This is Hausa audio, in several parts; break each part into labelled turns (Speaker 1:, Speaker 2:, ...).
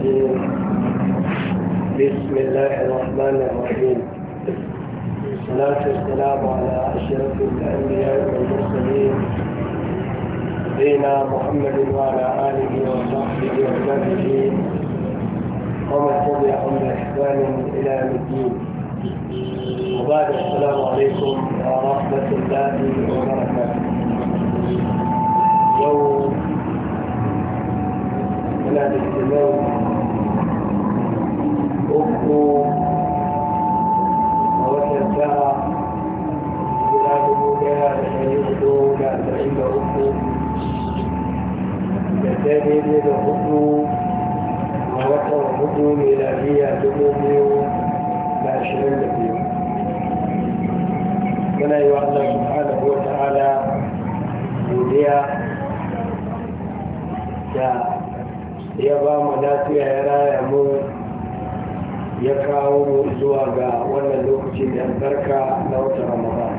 Speaker 1: الرجيم بسم الله الرحمن الرحيم الصلاة والسلام على أشرف الأنبياء والمرسلين نبينا محمد وعلى آله وصحبه وسلم ومن تبعهم بإحسان إلى الدين وبعد السلام عليكم ورحمة الله وبركاته يوم ثلاثة اليوم uku a watan tara guda dubu daya da ɗari hudu da arba'in da uku da daidai da hudu a watan hudu miladiya dubu biyu da ashirin da biyu muna yi wa Allah subhanahu wa ta'ala godiya da ya ba mu lafiya ya raya mu ya kawo mu zuwa ga wannan lokaci da albarka na wata ramadan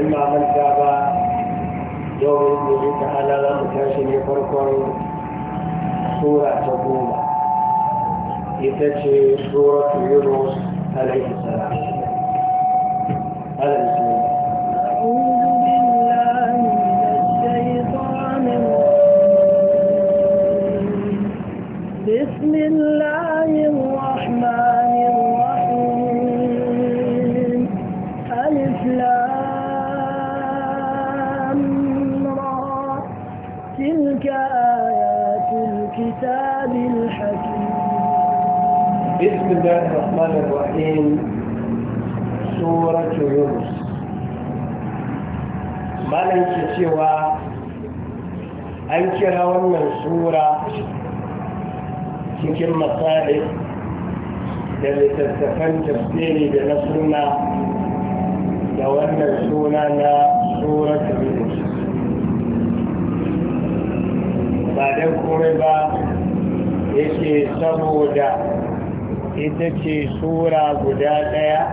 Speaker 1: in ba yau yin gobe ta ala mu tashi ne farkon sura ta goma ita ce suratul yunus alaihi salam بسم الله الرحمن الرحيم سورة يونس ما لنك سوى أن كرا ومن سورة في كل مصائب الذي تستفن تفسيري بنصرنا ومن سورة سورة يونس وبعدين الكوربة يشي صبو ده ita ce sura guda ɗaya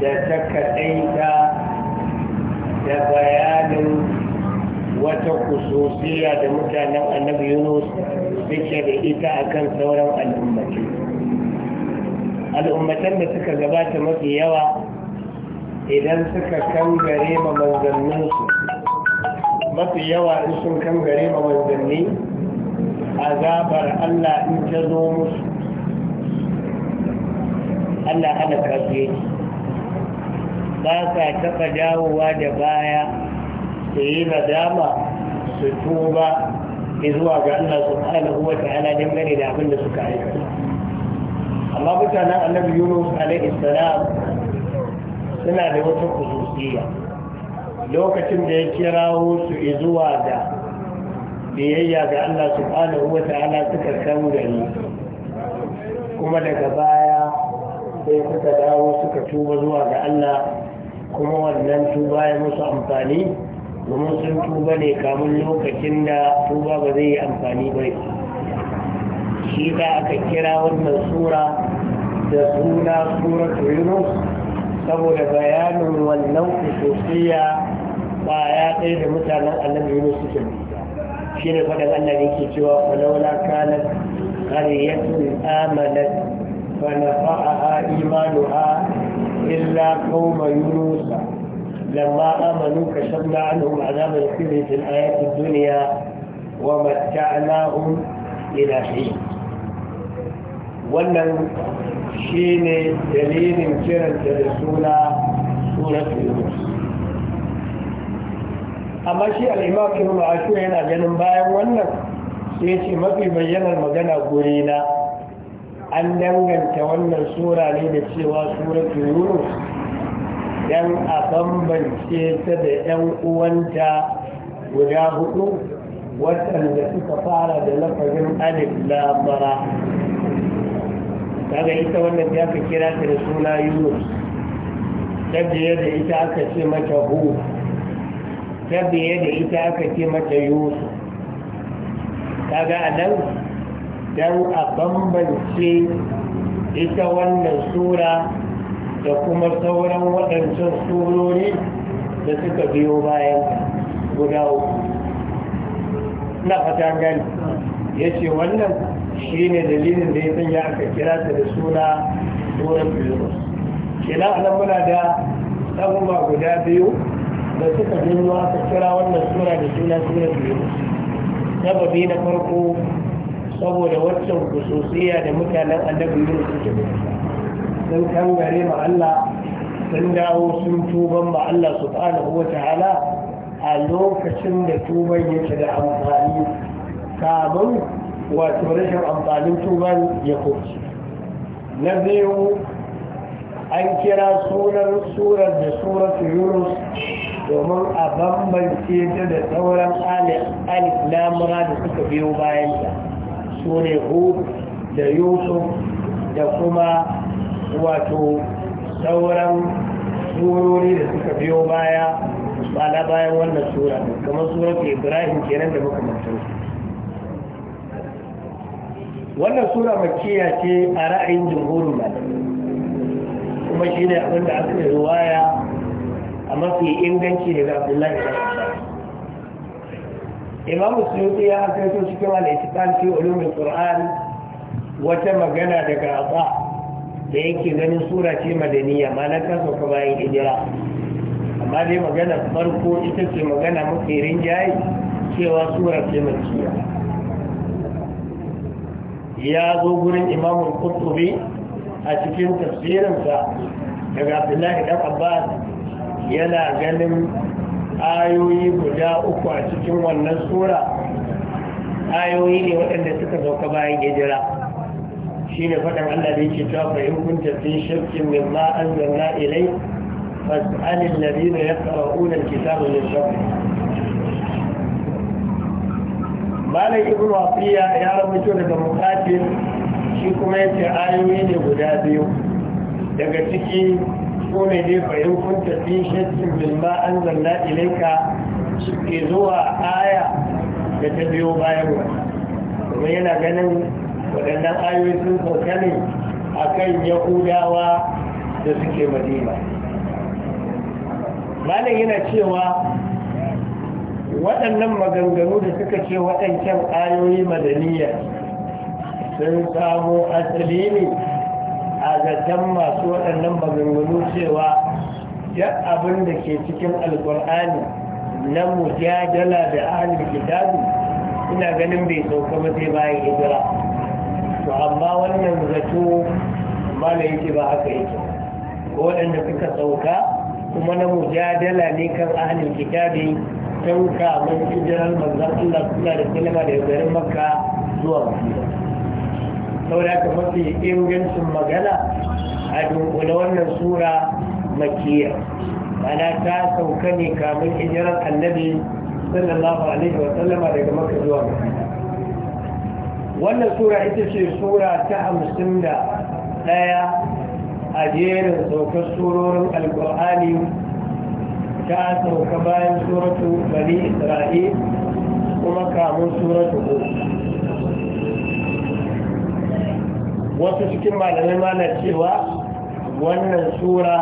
Speaker 1: da ta kaɗaita da bayanin wata kususiya da mutanen annabi yunus suke da ita akan sauran al'ummatai al'ummatan da suka gabata mafi yawa idan suka kangare ma manzanninsu mafi yawa in sun kangare ma manzanni azabar allah in ta zo musu Allah hana su yake ba sa taɓa dawowa da baya su yi nadama su tuba zuwa ga Allah subhanahu wa ta'ala dangane da abin da suka aikata amma mutanen annabi Yunus alaihi salam suna da wata kususiyya lokacin da ya kirawo su zuwa da biyayya ga Allah subhanahu wa ta'ala suka kan gari kuma daga baya. sai suka dawo suka tuba zuwa ga Allah kuma wannan tuba ya musu amfani domin sun tuba ne kamun lokacin da tuba ba zai yi amfani ba shi ta aka kira wannan sura da suna sura yunus saboda bayanin wannan kusurciya ba ya tsaye da mutanen annabi yunus suke shi ne faɗin allah ne ke cewa falaula kanat qaryatun amanat فنفعها إيمانها إلا قوم يونس لما آمنوا كشفنا عنهم عذاب الخزي في الآية الدنيا ومتعناهم إلى حين wannan shi ne dalilin kiranta da suna surat yunus amma shi al'imakin ma'ashu yana ganin bayan wannan sai ce mafi bayyanar magana gurina an danganta wannan sura ne da cewa suratu yunus dan a bambance ta da yan uwanta guda hudu waɗanda suka fara da lafazin alif lamara daga ita wannan ya ka kira ta da suna yunus ta biye da ita aka ce mata hu ta biye da ita aka ce mata yusuf kaga a nan don a bambance ita wannan sura da kuma sauran waɗancan surori da suka biyo bayan guda uku na fata gani ya ce wannan shi ne dalilin da ya sanya aka kira ta da suna suran virus kina nan muna da abubuwa guda biyu da suka biyo aka kira wannan sura da suna suran virus sababi na farko saboda waccan kususiya da mutanen annabi yunus suke sun kangare ma Allah sun dawo sun tuban ma Allah subhanahu wa ta'ala a lokacin da tuban yake da amfani kamun wato rashin amfanin tuban ya koci na biyu an kira sunan surar da surar yunus domin a bambance ta da sauran alif lamura da suka biyo bayanta sune ne da yusuf da kuma wato sauran surori da suka biyo baya na bayan wannan sura kamar surat ibrahim kenan da makamantar wannan sura makiya ce a ra'ayin jimhurin ba, kuma shi ne abinda aka yi ruwaya a mafi inganci daga abdullahi ta. imam suyuti ya hakaito cikin al'itikan fi ulumin qur'an wata magana daga Ba da yake ganin sura ce madaniya na ta sauka bayan hijira amma dai magana farko ita ce magana mafi rinjaye cewa sura ce madaniya ya zo gurin imamu Kutubi a cikin tafsirinsa daga abdullahi dan abbas yana ganin ayoyi guda uku a cikin wannan sura ayoyi ne waɗanda suka sauka bayan hijira shi ne faɗin Allah da yake cewa fa'in kun tafi shakkin min ma an zanna ilai fas'alin ladina unan kitabun min shafi malam ibnu wafiya ya kyau daga mukatin shi kuma ce ayoyi ne guda biyu daga ciki ko ne bayan kunta fi shakkin bilma an zanna ilaika ke zuwa aya da ta biyo bayan wa kuma yana ganin waɗannan ayoyi sun sauka ne a kan yahudawa da suke madina malam yana cewa waɗannan maganganu da suka ce waɗancan ayoyi madaniya sun samo asali ne zaton masu waɗannan maganganu cewa duk abin da ke cikin alkur'ani na mujadala da ahalin kitabi ina ganin bai sauka ba sai bayan hijira to amma wannan zato mala yake ba haka yake ko waɗanda suka sauka kuma na mujadala ne kan ahalin kitabi tun kamun hijirar manzan Allah suna da silma da garin makka zuwa madina saboda ka mafi ingancin magana a dunkule wannan sura makiya ana ta sauka ne kamun hijirar annabi sallallahu alaihi wa sallama daga maka zuwa madina wannan sura ita ce sura ta hamsin da ɗaya a jerin saukar surorin alkur'ani ta sauka bayan suratu bani isra'il kuma kamun suratu uku wasu cikin malamai ma na cewa wannan sura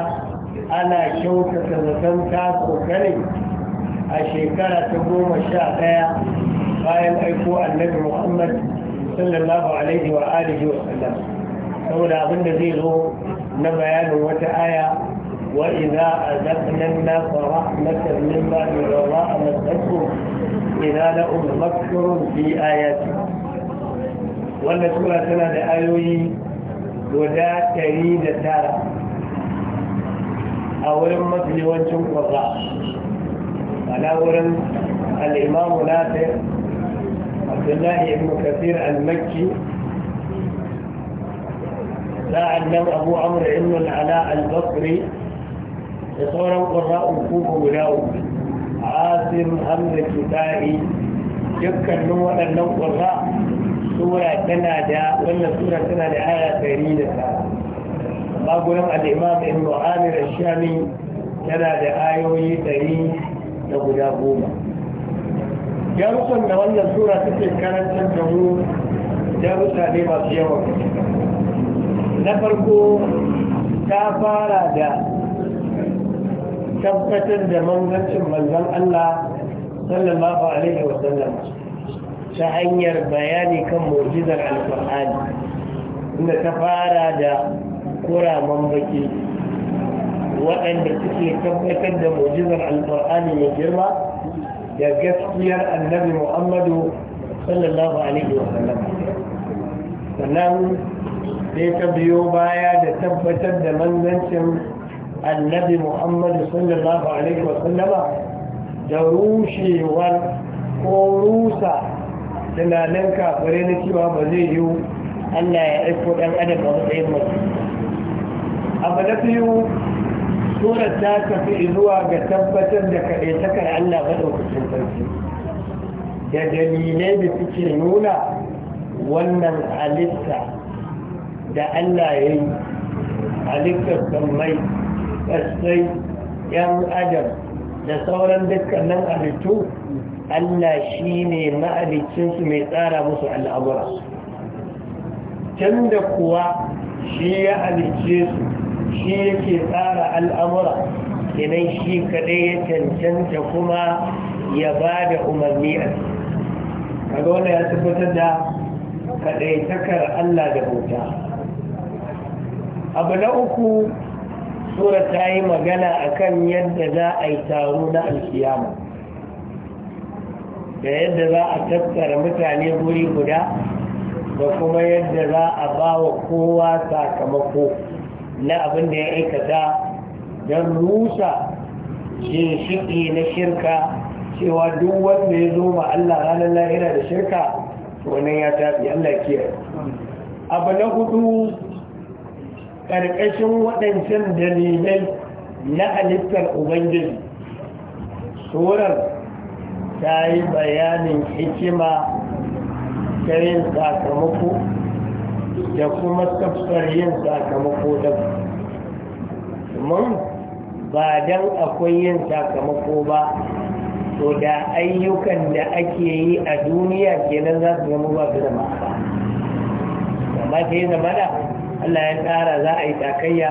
Speaker 1: ana kyautata zaton ta kokare a shekara ta goma sha ɗaya bayan aiko annabi muhammad sallallahu alaihi wa alihi wa sallam saboda abin da zai zo na bayanin wata aya wa idza azaqna an-nasa rahmatan min ba'di dharra masatkum idza lahum makrun fi ayati wanda sura tana da ayoyi guda ɗari da tara a wurin mafi yawancin a na wurin al'imamu na ta abdullahi ibn kafir al-makki za a nan abu amur ibn al'ala al bakri da sauran ƙwarra'un uku guda uku asim hamza kitari dukkanin waɗannan ƙwarra sura tana da wannan sura tana da aya ɗari da ta amma gurin al'imam ibn amir shami tana da ayoyi ɗari da guda goma darussan da wannan sura take karantar da mu darussa ne masu yawa na farko ta fara da tabbatar da mangancin manzon Allah sallallahu alaihi wa sallam ta hanyar bayani kan mu'jizar alkur'ani inda ta fara da kuraman baki waɗanda suke tabbatar da mu'jizar alkur'ani mai girma da gaskiyar annabi muhammadu sallallahu alaihi wa sallam sannan sai ta biyo baya da tabbatar da manzancin annabi muhammadu sallallahu alaihi wa sallama da rushewar ko rusa tunanin kafirai na cewa ba zai yiwu allah ya aiko ɗan adam a matsayin mace abu na biyu surar ta tafi zuwa ga tabbatar da kaɗaitakar allah maɗaukacin sarki da dalilai da suke nuna wannan halitta da allah ya yi halittar sammai ƙasai yan adam da sauran dukkanin halittu Allah shi ne ma'alicinsu mai tsara musu al'amura can da kuwa shi ya alice su shi yake tsara al'amura kenan shi kaɗai ya cancanta kuma ya ba da umarni a kaga wanda ya tabbatar da kaɗaitakar Allah da bauta abu na uku sura ta yi magana akan yadda za a yi taro na alkiyama da yadda za a tattara mutane guri guda da kuma yadda za a ba wa kowa sakamako na abin da ya aikata don rusa shinshiƙi na shirka cewa duk wanda ya zo ma Allah ranar lahira da shirka wannan ya tafi Allah kiyar abu na hudu ƙarƙashin waɗancan dalilai na halittar ubangiji tsoron ta yi bayanin hikima ta yin sakamako da kuma tafsar yin sakamako da mun ba don akwai yin sakamako ba to da ayyukan da ake yi a duniya kenan za su zama ba su da ba. amma ta yi zama da, allah ya tsara za a yi takayya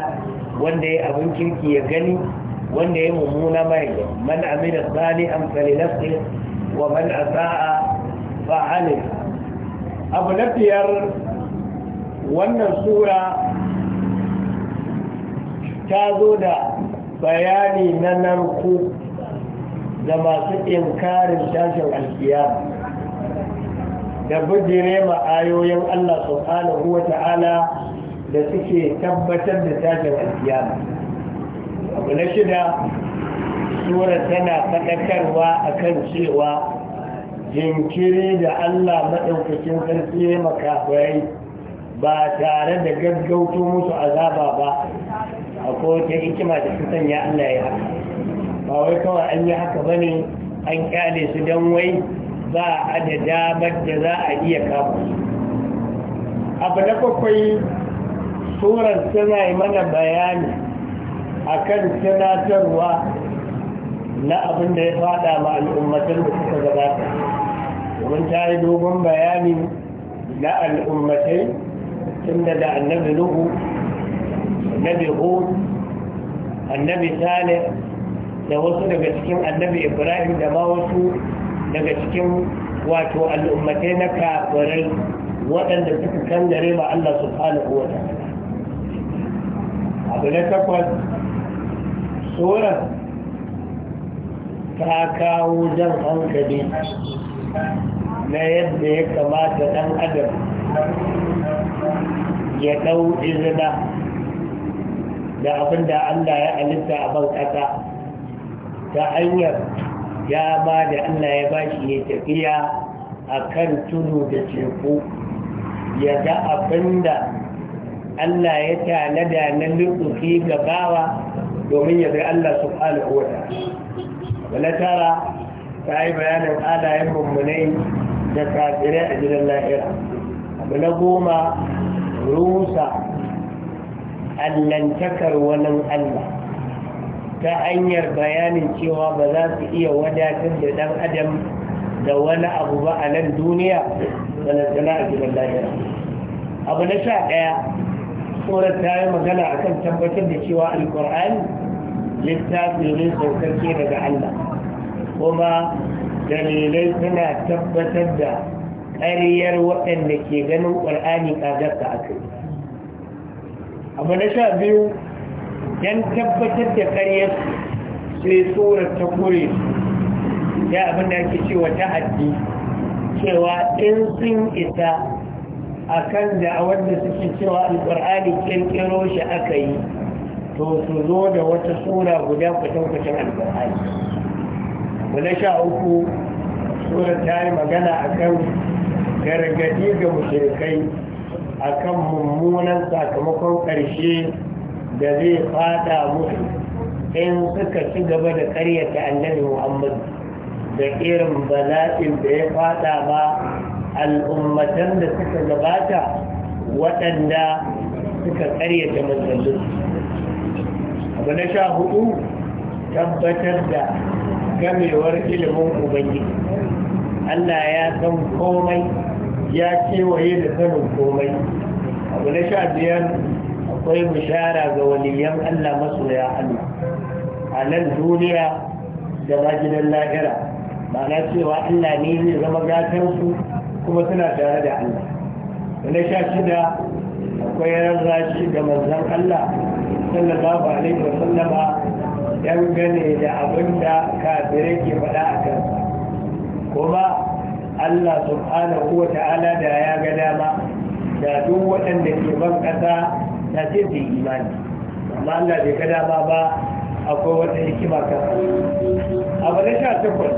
Speaker 1: wanda ya abin kirki ya gani wanda ya mummuna mai man amina salihan falinafsi wa man asa'a fa'alin abu na biyar wannan sura ta zo da bayani na narku da masu inkarin tashin alkiya da bijire ma'ayoyin Allah subhanahu wa ta'ala da suke tabbatar da tashin alkiyama abu na shida sura tana faɗakarwa a kan cewa jinkiri da allah maɗaukacin sarki ya ba tare da gaggauto musu azaba ba a kowace hikima da su sanya allah ya haka ba wai kawai an yi haka ba ne an kyale su don wai ba a da damar da za a iya kama abu na bakwai surar tana yi mana bayani akan tunatarwa na abin da ya fada ma al'ummatan da suka gabata domin ta yi dogon bayani na al'ummatai tun da annabi nuhu annabi hud annabi salih da wasu daga cikin annabi ibrahim da ma wasu daga cikin wato al'ummatai na kafirai waɗanda suka kangare ma allah su wa ta'ala abu na takwas tsoron ta kawo jan hankali na yadda ya kamata ɗan adam ya ɗau izina da abin da Allah ya halitta a ban ƙasa ta hanyar ya ba da Allah ya ba shi ya tafiya a kan tudu da teku ya ga abin da Allah ya tanada na lukufi gabawa domin ya zai Allah subhanahu wa ta'ala tara ta yi bayanin alayen mummunai da kafirai a gidan lahira abu na goma rusa allantakar wani Allah ta hanyar bayanin cewa ba za su iya wadatar da ɗan adam da wani abu ba a nan duniya sanatana a gidan lahira abu na sha ɗaya tsoron ta yi magana akan tabbatar da cewa alkur'ani littafi ne saukake daga Allah kuma dalilai suna tabbatar da ƙaryar waɗanda ke ganin ƙwar'ani ƙagarsa aka yi. abu na sha biyu don tabbatar da ƙaryar sai tsoron ta kure da abin da ake cewa ta haddi cewa in sun isa a kan da a wanda suke cewa alƙwar'ani ƙirƙiro shi aka yi to su zo da wata sura guda kwatankwacin alkur'ani na sha uku sura ta yi magana a kan gargadi ga mushrikai a kan mummunan sakamakon ƙarshe da zai fada musu in suka ci gaba da karyata annabi muhammad da irin bala'in da ya fada ba al'ummatan da suka gabata waɗanda suka karyata manzanninsu abu na sha hudu tabbatar da gamewar ilimin ubangiji Allah ya san komai ya kewaye da sanin komai abu na sha biyar akwai bishara ga waliyan Allah masoya Allah a nan duniya da gidan lahira mana cewa Allah ne zai zama gatarsu kuma suna tare da Allah na sha shida akwai shi da manzan Allah sallallahu alaihi wa sallama dangane da abin da kafirai ke faɗa a kan kuma Allah subhanahu wa ta'ala da ya ga dama da duk waɗanda ke ban ƙasa na ce su imani amma Allah bai ga dama ba akwai wata hikima kan abu na sha takwas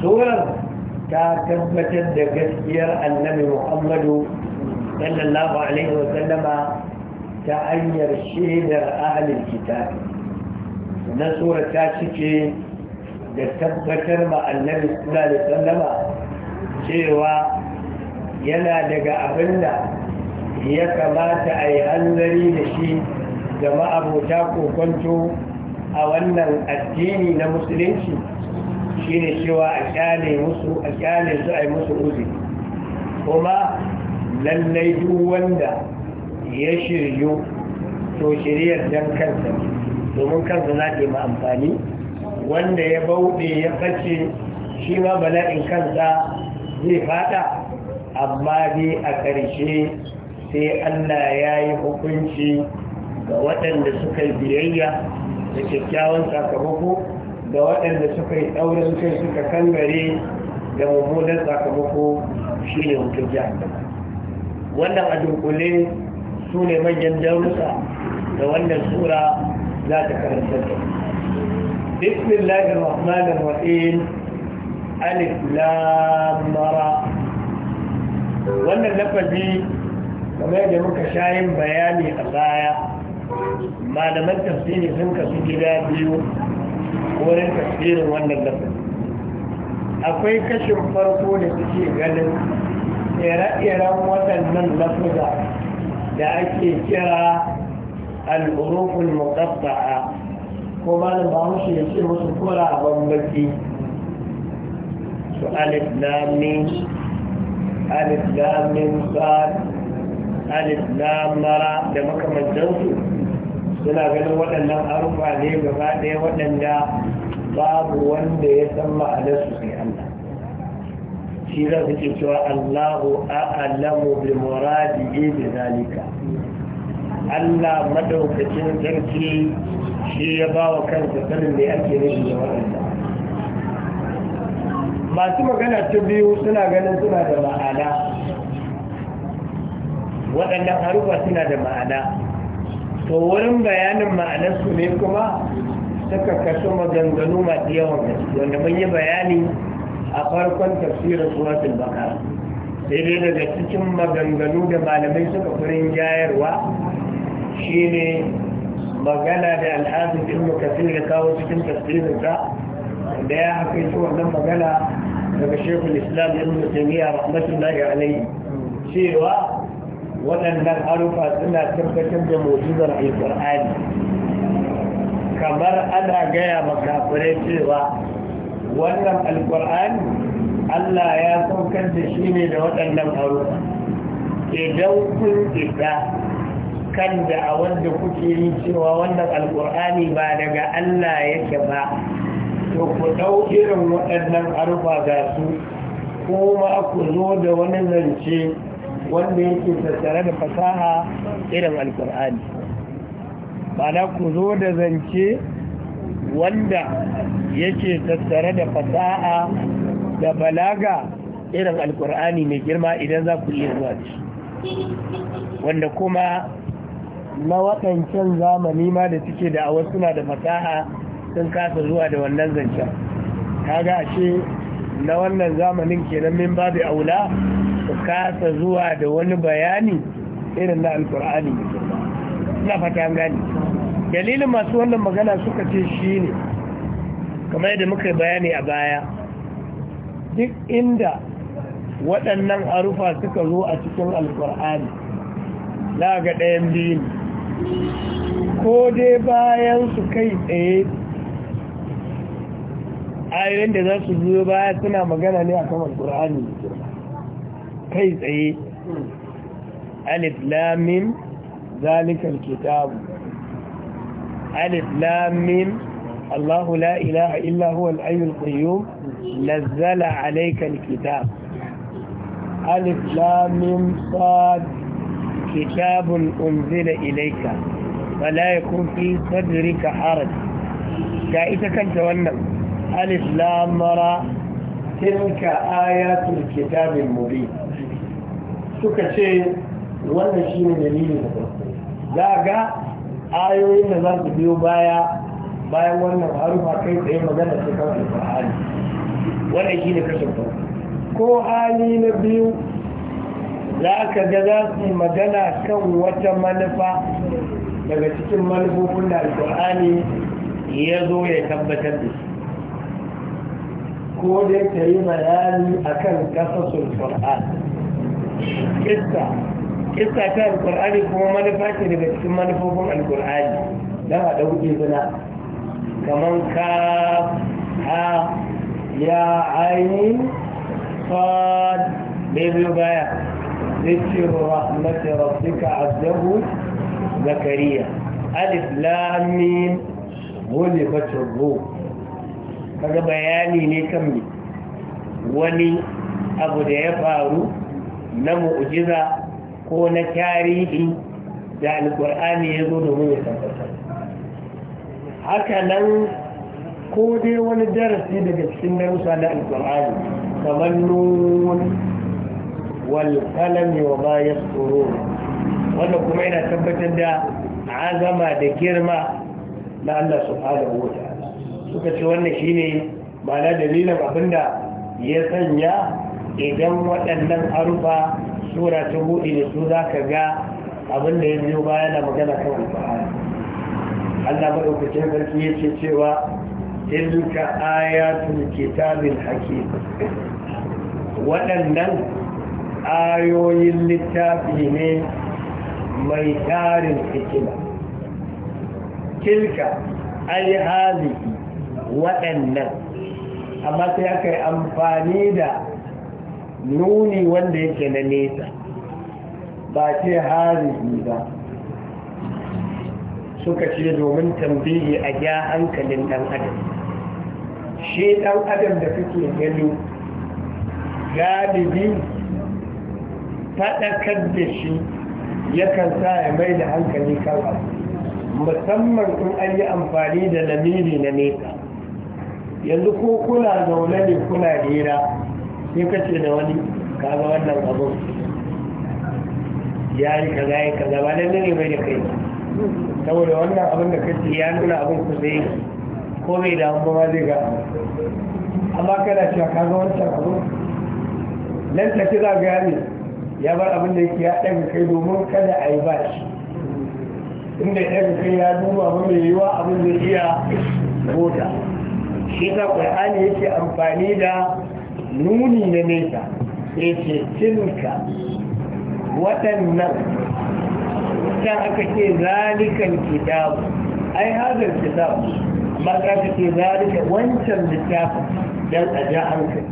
Speaker 1: surar ta tabbatar da gaskiyar annabi muhammadu sallallahu alaihi wa sallama ta hanyar shaidar ahalin kitabi na tsora ta cike da tabbatar ma annabi sallallahu alaihi wa sallama cewa yana daga abinda ya kamata a yi hanzari da shi abota ma'abota kwanto a wannan addini na musulunci shine cewa a kyale a su a yi musu uzuri kuma lallai duk wanda ya shiryu to shiryar dan kansa domin kansa za ta amfani wanda ya bauɗe ya bace shi ma bala'in kansa zai fada amma dai a ƙarshe sai allah ya yi hukunci ga waɗanda suka yi biyayya da kyakkyawan sakamako da waɗanda suka yi ɗaurin kai suka kangare da mummunan sakamako shi ne hutun wannan a dunkule su ne manyan darussa da wannan sura za ta karanta da bismillahir rahmanir rahim alif lam ra wannan lafazi kamar yadda muka shayin bayani a baya malaman tafsiri sun kasu gida biyu wurin tafsirin wannan lafazi akwai kashin farko da suke ganin ire-iren waɗannan lafuza da ake kira al'urufin muƙabba'a ko ba da bahaushe ya ce musu kura a bambaki su alif lamin alif lamin alif lamara da makamantansu suna ganin waɗannan harufa ne gaba ɗaya waɗanda babu wanda ya san ma'anarsu sai Allah shi za su ce cewa Allahu a'lamu bi muradihi bi zalika Allah madaukakin sarki shi ya ba wa kansa sanin da ake nufi da waɗanda masu magana ta biyu suna ganin suna da ma'ana waɗannan haruba suna da ma'ana to wurin bayanin ma'anarsu ne kuma suka kaso maganganu masu yawan gaske wanda mun yi bayani a farkon tafsirin suratul bakara sai dai daga cikin maganganu da malamai suka furin jayarwa shine magana da al'adun ibn kafir da kawo cikin tafsirinsa da ya hakaito wannan magana daga shekul islam ibn taymiya rahmatullahi alayhi cewa waɗannan harufa suna tabbatar da mu'jizar alqur'ani kamar ana gaya makafirai cewa wannan alkur'ani Allah ya saukar da shi ne da waɗannan haruka idan kun isa kan da a wanda kuke yi cewa wannan alkur'ani ba daga Allah yake ba to ku ɗau irin waɗannan harufa ga su kuma ku zo da wani zance wanda yake tattare da fasaha irin alkur'ani ba ku zo da zance wanda yake tattare da fasaha da balaga irin alkur'ani mai girma idan za ku iya zuwa shi, wanda kuma na waɗancan zamani ma da suke da awa suna da fasaha sun kasa zuwa da wannan zancen kaga ashe na wannan zamanin kenan min babu aula su kasa zuwa da wani bayani irin na alkur'ani mai girma na fata gani dalilin masu wannan magana suka ce shi ne kamar yadda muka bayani a baya duk inda waɗannan arufa suka zo a cikin alkur'ani za ga ɗayan biyu ne, ko dai bayan su kai tsaye ayoyin da za su zuwa baya suna magana ne a kamar alkur'ani kai tsaye alif lamin zalikar kitabu alif lam mim الله لا إله إلا هو الحي القيوم نزل عليك الكتاب ألف لام صاد كتاب أنزل إليك فلا يكون في صدرك حرج كائتا كنت ونم ألف لام را تلك آيات الكتاب المبين suka ce wannan shi ne dalilin da ga ayoyin da za su biyo baya bayan wannan harufa kai tsaye magana ce kan alƙur'ani wannan shi ne kashin farko ko hali na biyu za ka ga za su magana kan wata manufa daga cikin manufofin da alƙur'ani ya zo ya tabbatar da shi ko dai ta yi bayani akan kasasun qur'an kista kissa ta alkur'ani kuma manufa ce daga cikin manufofin alkur'ani don haɗa hujjin suna kamar ka ha ya aini fad bai biyu baya ذكر رحمة ربك عبده زكريا ألف لام ميم غلبت الروم kaga bayani ne kan me wani abu da ya faru na mu'jiza ko na tarihi da alkur'ani ya zo domin ya tabbatar haka nan ko dai wani darasi daga cikin darussa na alkur'ani kamar nun wal qalami wa ma yasturun wanda kuma yana tabbatar da azama da girma na Allah subhanahu wa ta'ala suka ce wannan shine na dalilin abinda ya sanya idan waɗannan arufa sura ta buɗe da su za ka ga abin da ya biyo baya yana magana kan alƙur'ani Allah maɗaukacin sarki ya ce cewa tilka ayatul kitabil hakim waɗannan ayoyin littafi ne mai tarin hikima tilka ai haziki waɗannan amma sai aka yi amfani da nuni wanda yake na nesa ba ce haribi ba suka ce domin tambayi a ja hankalin ɗan adam shi ɗan adam da kake gani galibi faɗakar da shi yakan sa ya mai da hankali kan musamman in an yi amfani da lamiri na nesa yanzu ko kuna zaune ne kuna hira sai ka ce da wani kaga wannan abu ya yi kaza ya kaza ba lalle ne bai da kai saboda wannan abin da kace ya nuna abin ku sai ko mai da abin ba zai ga amma kana cewa kaga wancan abu nan ta ce za ga ne ya bar abin da yake ya ɗaga kai domin kada a yi ba shi inda ya ɗaga kai ya duba abin mai yiwa abin zai iya bota shi ta ƙwar'ani yake amfani da nuni na nesa ya ce tilka waɗannan ta aka ce zalikan kitabu ai hadar kitabu amma ka ce zalika wancan littafin don a ja hankali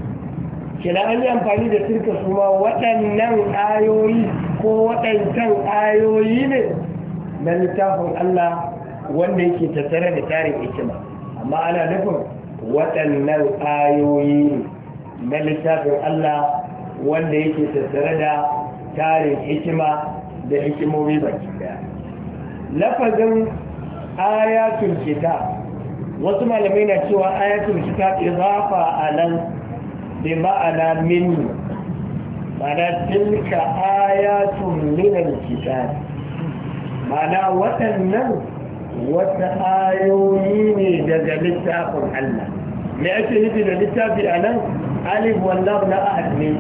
Speaker 1: kina an yi amfani da turka su ma waɗannan ayoyi ko waɗancan ayoyi ne na littafin Allah wanda yake tattare da tarin hikima amma ana nufin waɗannan ayoyi ne na littafin Allah wanda yake tattare da tarin hikima da hikimomi baki daya lafazin ayatul kitab wasu malamai na cewa ayatul kitab idafa alan bi ma'ana min ma'ana tilka ayatun minan al-kitab waɗannan wata ayoyi ne daga littafin Allah me ake nufi da littafi anan alif wallahu na ahad ne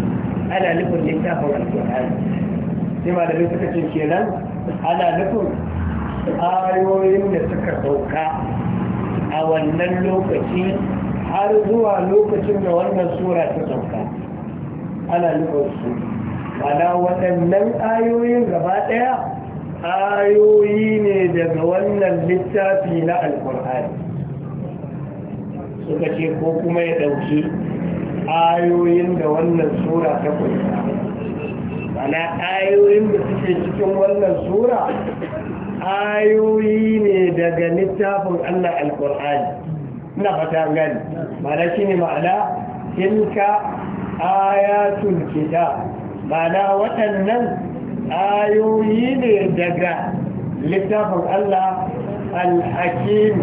Speaker 1: ana nufin littafin alƙur'ani sai ma bai suka ce kenan ana nufin ayoyin da suka sauka a wannan lokaci har zuwa lokacin da wannan sura ta sauka ana nufin su mana waɗannan ayoyin gaba ɗaya ayoyi ne daga wannan littafi na alƙur'ani suka ce ko kuma ya ɗauki ayoyin da wannan sura ta kunsa ana ayoyin da suke cikin wannan sura ayoyi ne daga littafin Allah alkur'ani ina fata gani mana shine ma'ana tilka ayatul kitab mana waɗannan ayoyi ne daga littafin Allah al-hakim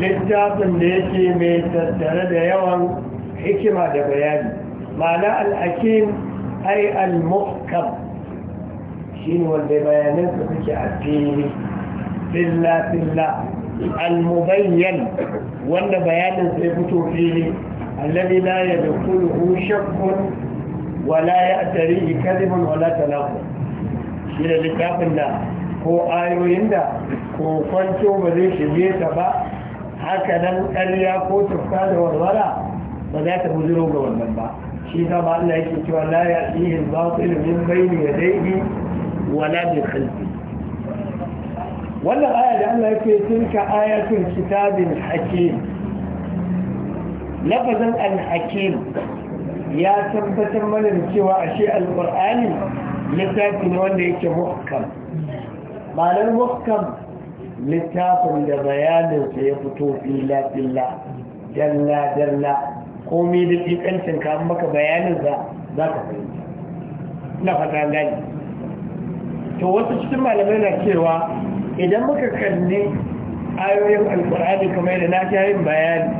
Speaker 1: littafin da yake mai tattare da yawan hikima da bayani ma'ana al'akin ai al-muhkam shi ne wanda bayanansa suke a fili filla filla al-mubayyan wanda bayanin sai fito fili alladhi la yadkhuluhu shakkun wala ya'tarihi kadhibun wala talaqu shi littafin da ko ayoyin da ko kwanto ba zai shige ta ba haka nan ƙarya ko tufka da warwara ba za ta bujiro ga wannan ba shi ta ma Allah yake cewa la ya fihi al-batil min bayni yadayhi wa la bi khalfi wannan aya da Allah yake tilka ayatul kitabil hakim lafazan al-hakim ya tabbatar mana da cewa ashe al-qur'ani littafi ne wanda yake muhkam ma'anar muhkam littafin da bayaninsa ya fito fila-fila dalla-dalla komai da tsikancin ka maka bayanin za za ka fahimta na fata gani to wasu cikin malamai na cewa idan muka kalli ayoyin alkur'ani kamar da na sha yin bayani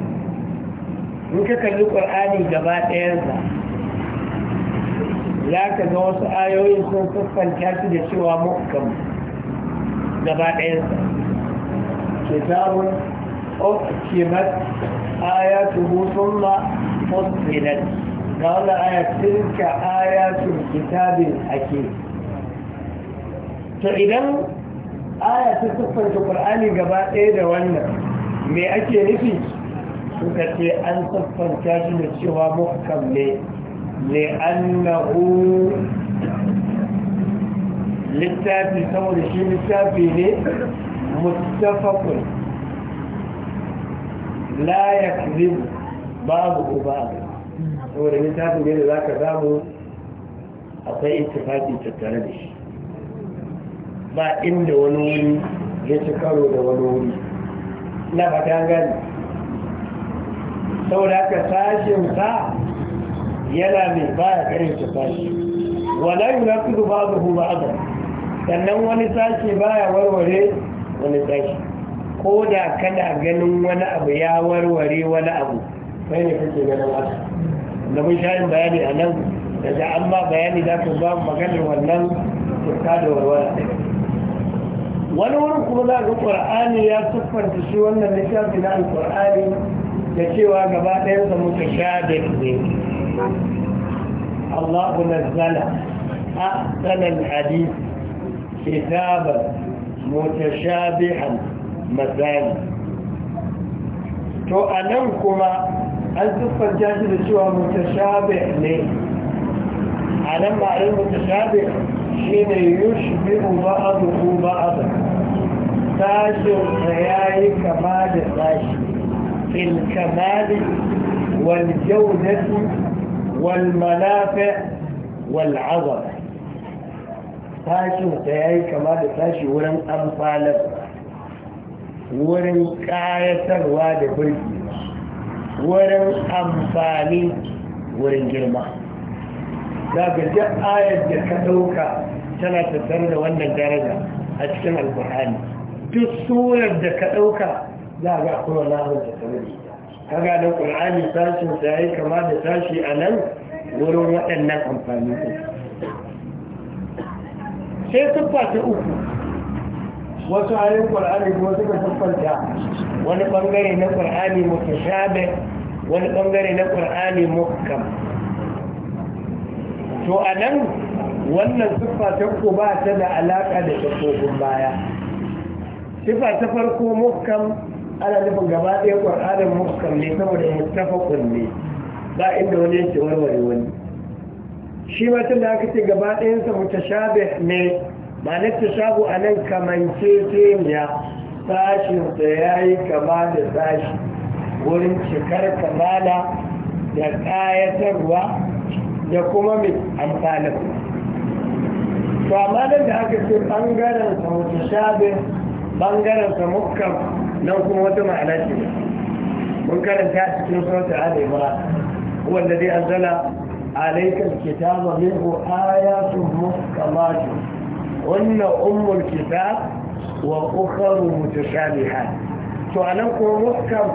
Speaker 1: in ka kalli ƙur'ani gaba ɗayansa za ka ga wasu ayoyin sun siffanta su da cewa mukam gaba ɗayansa ke kitabun ƙoƙace آياته ثم فصلت قال آية تلك آيات الكتاب الحكيم فإذا آية تكفر القرآن قباء إيدا وانا مي أكي نفي سكتي أن تكفر كاجم الشوى محكم لي لأنه للتافي سوى الشيء للتافي متفق لا يكذب باب وباب هو ان تاسو ګورئ دا که راو اته اتفاقی تتره دي با اند ونوي هیڅ کارو د ونوي لا بدانګل سو دا که تاسو تا يلا من باه غير تفاش ولا ينقض بعضه بعضا كان هو نساشي باه وروري ونساشي ko da kana ganin wani abu ya warware wani abu sai ne kake ganin haka da mun shayin bayani a nan daga an ma bayani za ku ba mu maganar wannan turka da warware wani wurin kuma za ga ƙur'ani ya siffanta shi wannan littafi na alƙur'ani da cewa gaba ɗayan sa muka sha da ne Allahu nazzala ahsana al-hadith kitaban mutashabihan mazani to a nan kuma an siffanta shi da cewa mutashabih ne a nan ma'ayin mutashabih shi ne yushbihu ba'aduhu ba'adu sashin da ya yi kama da sashi fil kamali wal jaudati wal manafi wal azama sashin da ya yi kama da sashi wurin amfanar wurin ƙayatarwa da birki wurin amfani wurin girma daga ayar da ka ɗauka tana tattare da wannan daraja a cikin alkur'ani duk surar da ka ɗauka za ga akwai wani abin da tauri kaga nan ƙur'ani sashin sa yayi kama da sashi a nan wurin waɗannan amfani sai siffa ta uku wasu ayoyin qur'ani kuma suka siffanta wani ɓangare na qur'ani mutashabi wani ɓangare na qur'ani muhkam to a nan, wannan siffa ta ku ba ta da alaƙa da tafofin baya siffa ta farko muhkam ana nufin gaba ɗaya ƙwararren muhkam ne saboda mutafakun ne ba inda wani yake warware wani shi ma tun da aka ce gaba ɗayansa mutashabih ne ma'anar shago a nan kamance teniya da ya yi kama da sashi wurin cikar kamala da ƙayatarwa da kuma mai amfanin to amma nan da aka ce ɓangaren sa mutashabin ɓangaren sa mukkam nan kuma wata ma'ana ce mun karanta cikin sautin al'imra wanda dai an zala alaikar kitaba minhu ayatun muhkamatun wannan Umar kitab wa ukharu mutashabihat to a nan kuma muhkam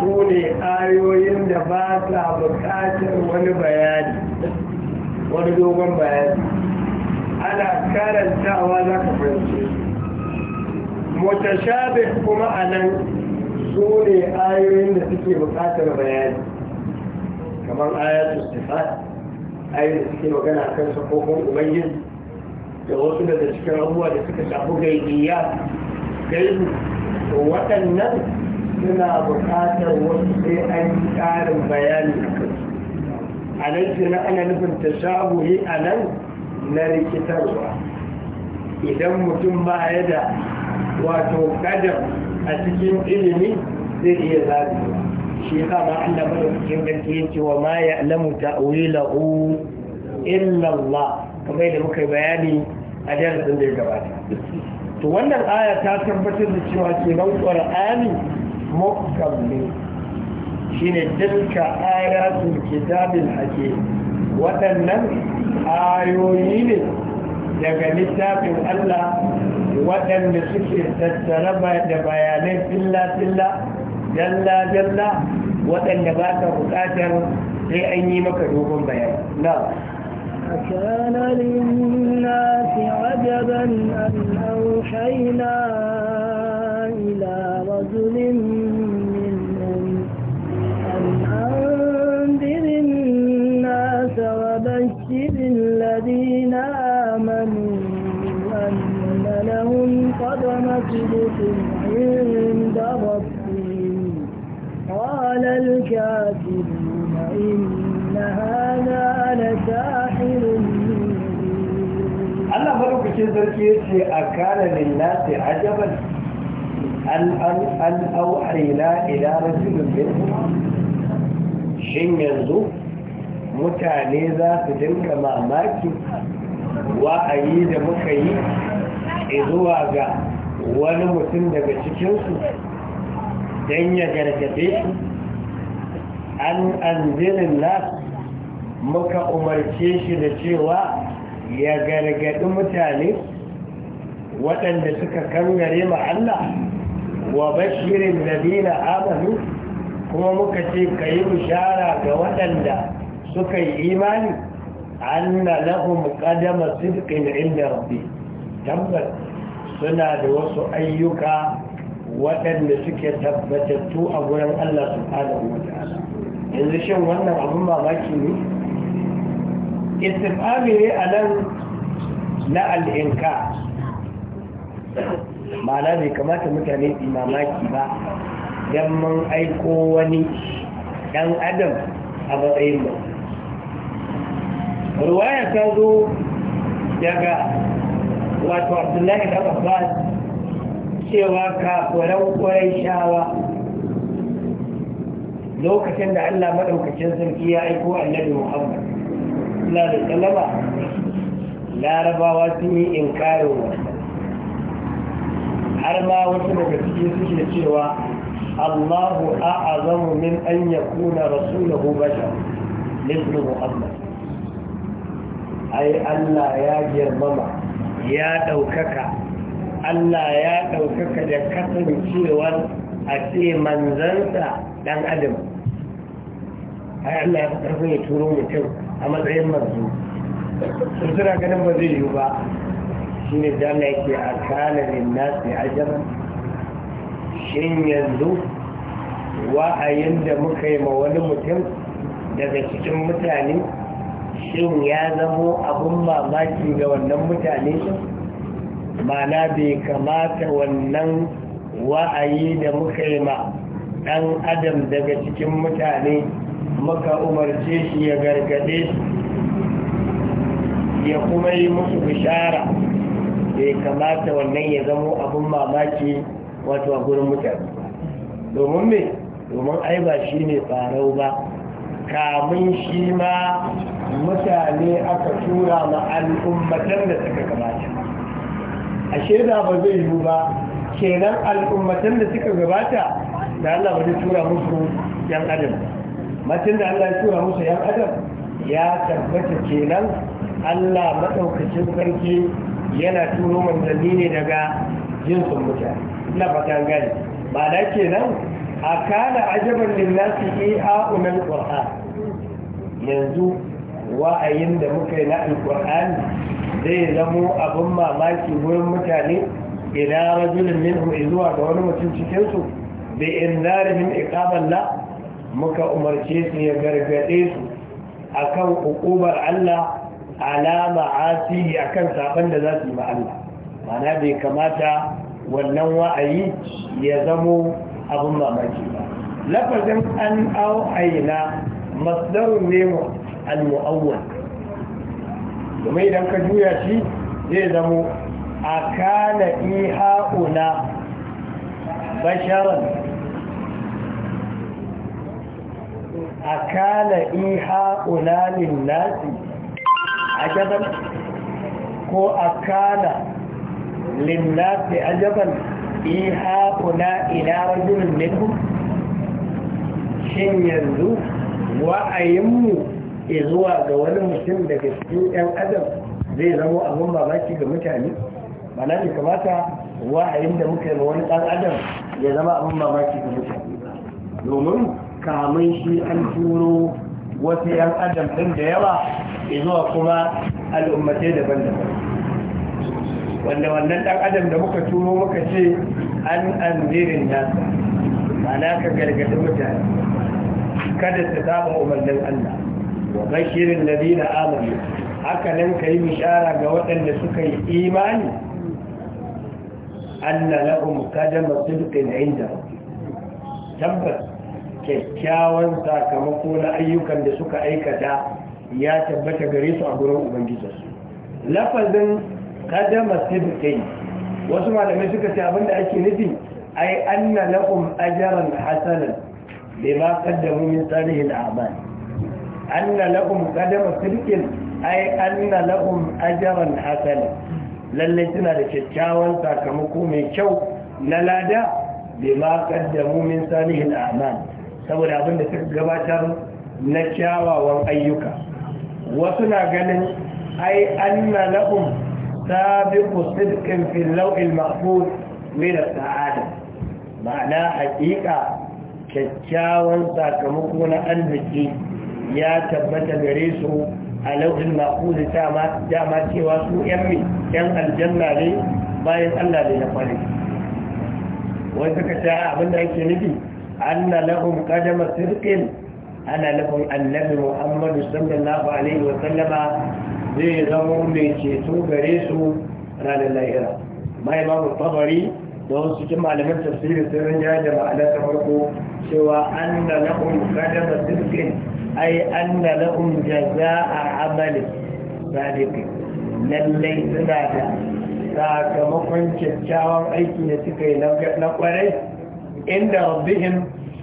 Speaker 1: su ne ayoyin da ba sa buƙatar wani bayani wani dogon bayani ana karantawa za ka fahimce mutashabih kuma a nan su ne ayoyin da suke buƙatar bayani kamar ayatul sifat ayoyin da suke magana kan sufofin ubangiji da wasu daga cikin abubuwa da suka shafi gaibiya gaibu waɗannan suna buƙatar wasu sai an yi ƙarin bayani a nan ce na ana nufin ta shabuhi a nan na rikitarwa idan mutum ba ya da wato kadam a cikin ilimi zai iya zaɓi shi yasa ma Allah madaukakin gaske yake wa ma ya'lamu ta'wilahu illa kamar da muka bayani a darasin da ya gabata to wannan aya ta tabbatar da cewa kenan qur'ani muhkam ne shine dukka ke kitabil hakim waɗannan ayoyi ne daga littafin Allah waɗanda suke tattara da bayanai filla-filla dalla-dalla waɗanda ba ka buƙatar sai an yi maka dogon bayani na
Speaker 2: أكان للناس عجبا أن أوحينا إلى رجل منهم أن أنذر الناس وبشر الذين آمنوا أن لهم قدم صدق عند ربهم قال الكافرون إن هذا لسان
Speaker 1: madaukakin sarki ce a kana lillahi ajaban an auhaina idanar rasulun minhum shin yanzu mutane za su dinka mamaki wa'ayi da muka yi zuwa ga wani mutum daga cikinsu don ya gargaɗe su an anzirin na muka umarce shi da cewa ya gargaɗi mutane waɗanda suka kangare ma Allah wa bashirin nabila amanu kuma muka ce ka yi bishara ga waɗanda suka yi imani anna lahum qadama sidqin inda rabbi tabbas suna da wasu ayyuka waɗanda suke tabbatattu a gurin Allah subhanahu wa ta'ala yanzu shin wannan abin mamaki ne istifami ne a nan na al'inka Ba na bai kamata mutane su mamaki ba don mun aiko wani ɗan adam a matsayin ba ruwaya ta zo daga wato abdullahi da abbas cewa kafuran kwarai shawa lokacin da allah maɗaukacin sarki ya aiko annabi muhammad sallallahu da wasallama larabawa sun yi inkarin wannan har ma wasu daga cikin suke cewa Allahu azamu min an rasu rasuluhu bashar mislu Muhammad ai Allah ya girmama ya ɗaukaka, Allah ya ɗaukaka da kasancewar a ce manzansa ɗan adam ai Allah ya karfin ya turo mutum a matsayin manzo sun suna ganin ba zai yiwu ba shi ne da yake a kanarin nasi ajaban shin yanzu wa'ayin da muka yi ma wani mutum daga cikin mutane shin ya zamo abin mamaki ga wannan mutane mana bai kamata wannan wa'ayi da muka yi ma ɗan adam daga cikin mutane maka umarce shi ya gargade ya kuma yi musu bishara da ya kamata wannan ya zamo abin mamaki wato a gurin mutane domin me domin ai ba shi ne farau ba kamun shi ma mutane aka tura ma al'ummatan da suka kamata, a shaida ba zai yiwu ba kenan al'ummatan da suka gabata da Allah ba zai tura musu yan adam ba matin da Allah ya tura musu yan adam ya tabbata kenan Allah maɗaukacin sarki yana turo manzanni ne daga jinsin mutane ina fatan gani ba da kenan a kana ajaban lillahi i'a'un alquran yanzu wa'ayin da muka yi na alquran zai zamo abin mamaki wurin mutane idan rajulun minhum zuwa ga wani mutum cikin su bi inzarihim iqaban la muka umarce su ya gargaɗe su akan hukumar Allah alama asiri akan sabon da za su yi ma Allah mana bai kamata wannan wa'ayi ya zamo abin mamaki ba lafazin an au'aina masdarun ne al-mu'awwal idan ka juya shi zai zamo a kana iha'una basharan akala iha ulalin nasi ajaban ko akala linnasi ajaban iha kuna ila rajulun minhu shin yanzu wa'ayinmu zuwa ga wani mutum daga cikin 'yan adam zai zama abin mamaki ga mutane mana ne kamata wa'ayin da muka yi wani ɗan adam ya zama abin mamaki ga mutane domin kamun shi an turo wasu yan adam ɗin da yawa zuwa kuma al'ummatai daban-daban wanda wannan ɗan adam da muka turo muka ce an an zirin nasa ana ka gargaɗi mutane kada su saba umarnin Allah wa bashirin ladina amanu haka nan ka yi bishara ga waɗanda suka yi imani anna lahum kadama sidqin inda tabbas kyakkyawan sakamako na ayyukan da suka aikata ya tabbata gare su a gurin su lafazin kadama sidqi wasu malamai suka ce abinda ake nufi ai anna lakum ajran hasanan ma qaddamu min al a'mal anna lakum kadama sidqin ai anna lakum ajran hasanan lalle tana da kyakkyawan sakamako mai kyau na lada ma qaddamu min al a'mal saboda abin da suka gabatar na kyawawan ayyuka wasu na ganin ai anna lahum sabiqu sidqin fil law'il mahfuz mai da saada ma'ana hakika kyakkyawan sakamako na arziki ya tabbata gare su a lauhin makuzi dama cewa su yan aljanna ne bayan allah ne na kwarai wani suka ta abinda ake nufi anna lahum qadama sirqin ana nufin annabi muhammadu sallallahu wa sallama zai zama mai ceto gare su ranar lahira mai mamu tabari da wasu cikin malaman tafsirin sirrin ya da ma'ana ta farko cewa anna lahum qadama sirqin ay anna lahum jazaa'a amali sadiqin lallai suna da sakamakon kyakkyawan aiki na kwarai inda rabbihim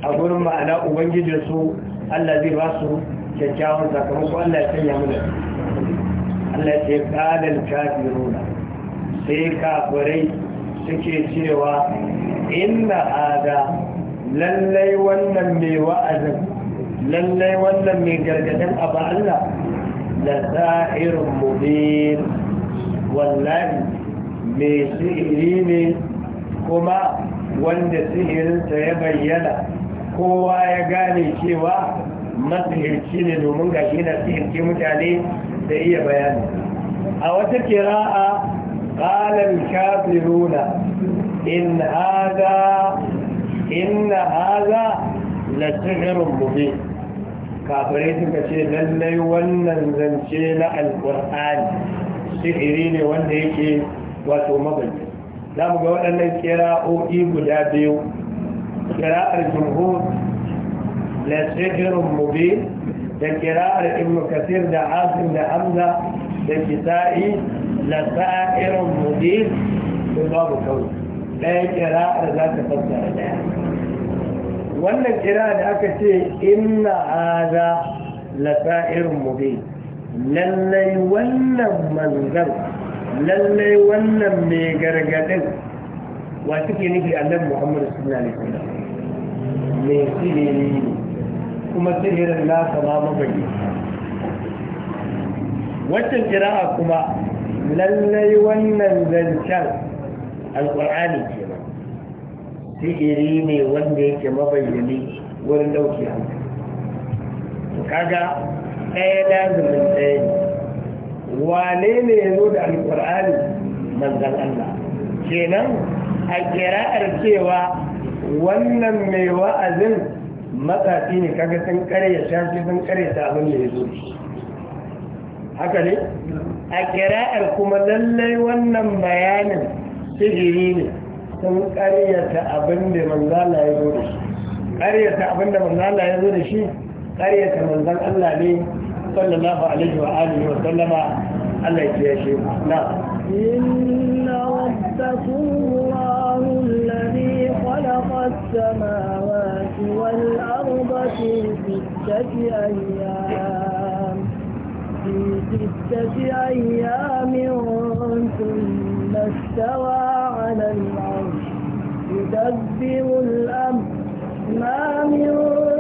Speaker 1: a gurin ma'ana ubangijinsu Allah zai ba su kyakkyawan sakamako Allah ya sanya mana Allah ce kalal kafiruna sai kafirai suke cewa inna hada lallai wannan mai wa'azin lallai wannan mai gargadin abu Allah da zahirin mubin wallahi mai sihiri ne kuma wanda sihirinsa ya bayyana kowa ya gane cewa masihirci ne domin ga shi na sihirci mutane da iya bayani a wata kira'a ƙalar runa, in haza na haza la sihirin mube kafirai suka ce lallai wannan zance na alƙur'ani sihiri ne wanda yake wato mabanci za mu ga waɗannan kira'o'i guda biyu kira'ar jumhur la sihirin mubin da kira'ar ibn kasir da asim da hamza da kisa'i la sa'irin mubin da babu kawai ɗaya kira'ar za ta fassara ɗaya wannan kira da aka ce inna hada la sa'irin mubin lallai wannan manzan lallai wannan mai gargadin wa suke nufi annabi muhammad suna alaihi wasallam mai sihiri ne kuma sihirin nasa ma mabagi waccan kira'a kuma lallai wannan zancen alƙur'ani ke ba, sihiri ne wanda yake mabayyani wurin ɗauki hankali kaga ɗaya lazumin ɗaya ne wane ne ya zo da alƙur'ani manzan Allah kenan a kira'ar cewa wannan mai wa'azin matsafi ne kaga sun karya shafi sun karya ta abin da ya zo haka ne a kira'ar kuma lallai wannan bayanin sihiri ne sun karyata abin da manzala ya zo da shi karyata abin da manzala ya zo da shi karyata manzan Allah ne sallallahu alaihi wa alihi wa sallama Allah ya ce shi na
Speaker 2: إن ربكم الله الذي خلق السماوات والأرض في ستة أيام في ستة أيام ثم استوى على العرش يدبر الأمر ما من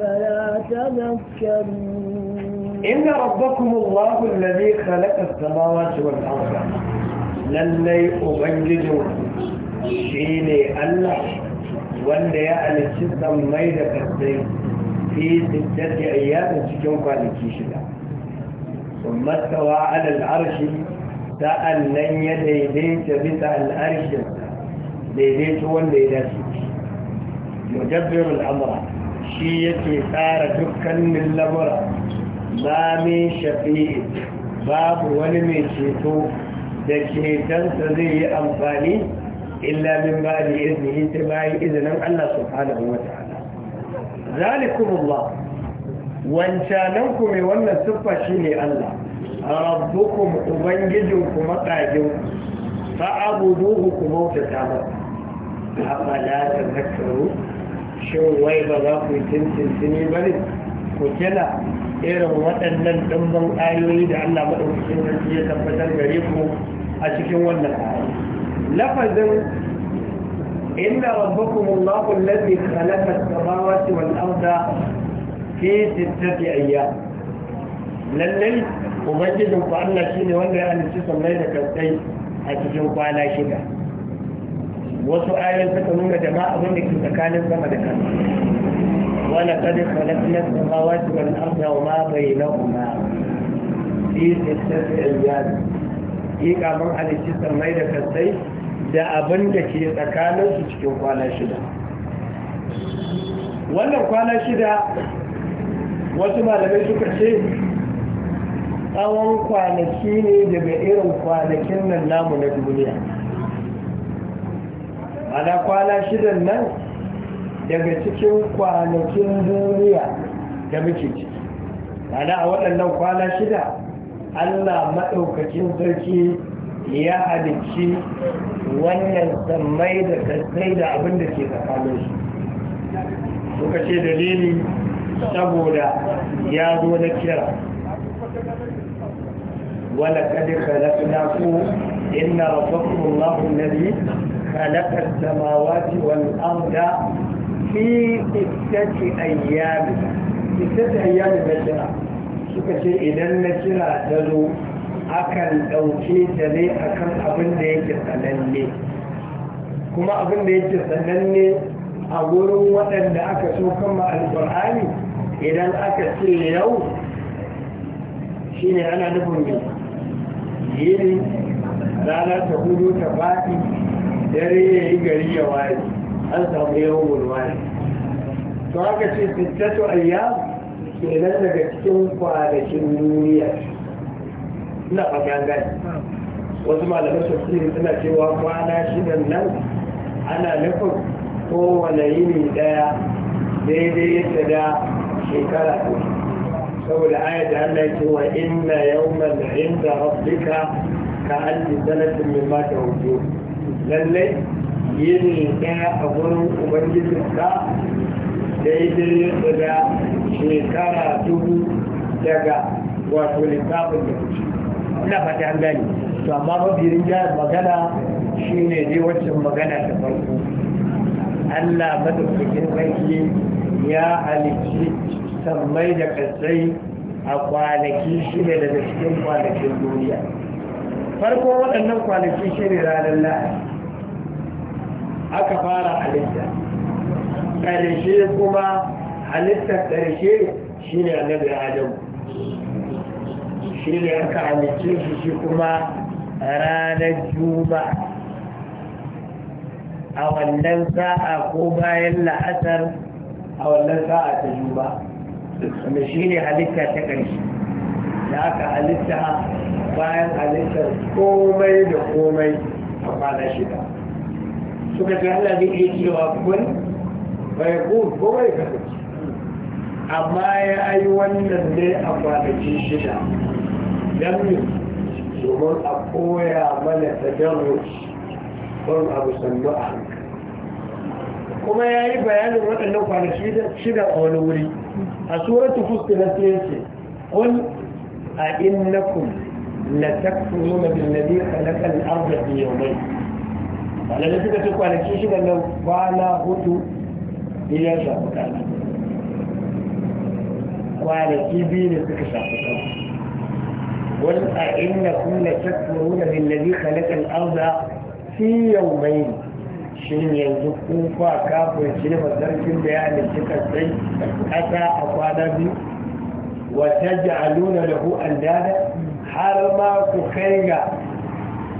Speaker 2: أفلا تذكرون
Speaker 1: إن ربكم الله الذي خلق السماوات والأرض للي أبنجدوا شيني الله وان يعني السيستم كثير في ستة أيام تجون كواليكي الله ثم استوى على العرش سألن يديديت بسأل الأرش ديديت وان ديديت يدبر الأمر shi yake tsara dukkanin lamura ba min shafi'i babu wani mai ceto da cetonsa zai yi amfani illa min ba da izini ta bayan izinin Allah subhanahu wa ta'ala zalikumullah wancanan ku mai wannan siffa shine Allah rabbukum ubangijinku maƙajin fa'abuduhu ku bauta ta masa ta tazakkaru shin wai ba za ku yi tintintini ba ne ku kila irin waɗannan ɗumbin ayoyi da allah maɗaukacin sarki ya tabbatar gare ku a cikin wannan ayoyi lafazin inna rabbakum allahu allazi khalaqa as-samawati wal arda fi sittati ayyam lallai ubangijin ku allah shine wanda ya halicci sammai da kasai a cikin kwana shida wasu ayoyin suka nuna jama'a abin da ke tsakanin sama da kan wala kad khalaqna samawati wal arda wa ma bainahuma fi sittati ayyam ika mun halicci samai da kasai da abin da ke tsakanin su cikin kwana shida wannan kwana shida wasu malamai suka ce tsawon kwanaki ne daga irin kwanakin nan namu na duniya mana kwana shidan nan daga cikin kwanakin duniya da muke ciki mana a waɗannan kwana shida allah maɗaukacin sarki ya halicci wannan sammai da kasai da abin da ke tsakanin su suka ce dalili saboda ya zo na kira wala ko khalaqnakum inna rabbakum allahu alladhi خلق السماوات والأرض في ستة أيام ستة أيام بشرة suka ce idan na kira ta zo akan ɗauke ta ne kan abin da yake sananne kuma abin da yake sananne a wurin waɗanda aka so kama alƙur'ani idan aka ce yau shine ana nufin mai yini rana ta hudu ta faɗi dare ya yi gari ya wari an samu yawon wari to haka ce sittatu ayyam kenan daga cikin kwanakin duniya ina fagan gani wasu malamai tafsiri suna cewa kwana shidan nan ana nufin kowane yini daya daidai yadda da shekara ko saboda ayat da Allah ce wa inna yawman inda rabbika ka alfi sanatin min ma ta lallai yin ɗaya a gurin ubangijinka daidai da shekara dubu daga wato littafin da kuci ina fata an gani to amma mabirin jihar magana shine dai waccan magana ta farko allah madaukakin sarki ya halicci sammai da kasai a kwanaki shine daga cikin kwanakin duniya farko waɗannan kwanaki shine ranar lahadi aka fara halitta ƙarshe kuma halittar ƙarshe shi ne annabi adamu shi ne aka halicce shi shi kuma ranar juma'a a wannan sa'a ko bayan la'asar a wannan sa'a ta juma'a wanda shi ne halitta ta ƙarshe da aka halitta bayan halittar komai da komai a kwana shida شبه فعلا دي يجلو أكبر ويقول هو يفكر أما يا أيوان لذي أفرادك الشدع لم يكن يقول أبو يا عمال يتجرس قل أبو سنو أحمد وما يعرف بيان الرؤى أنه فعلا شدع شدع أولوري أسورة فسط نسيسي قل أئنكم لتكفرون بالذي خلق الأرض في يومين malamai suka ce kwanaki shida na kwana hudu biyar shafi kana kwanaki biyu ne suka shafi kana wani a inda kuma tattalin da billabi kalakal arza fi yau mai shi yanzu kun kwa kafin shi ne masarkin da ya halitta kasai kasa a kwana biyu wata nuna da lahu andada har ma ku kai ga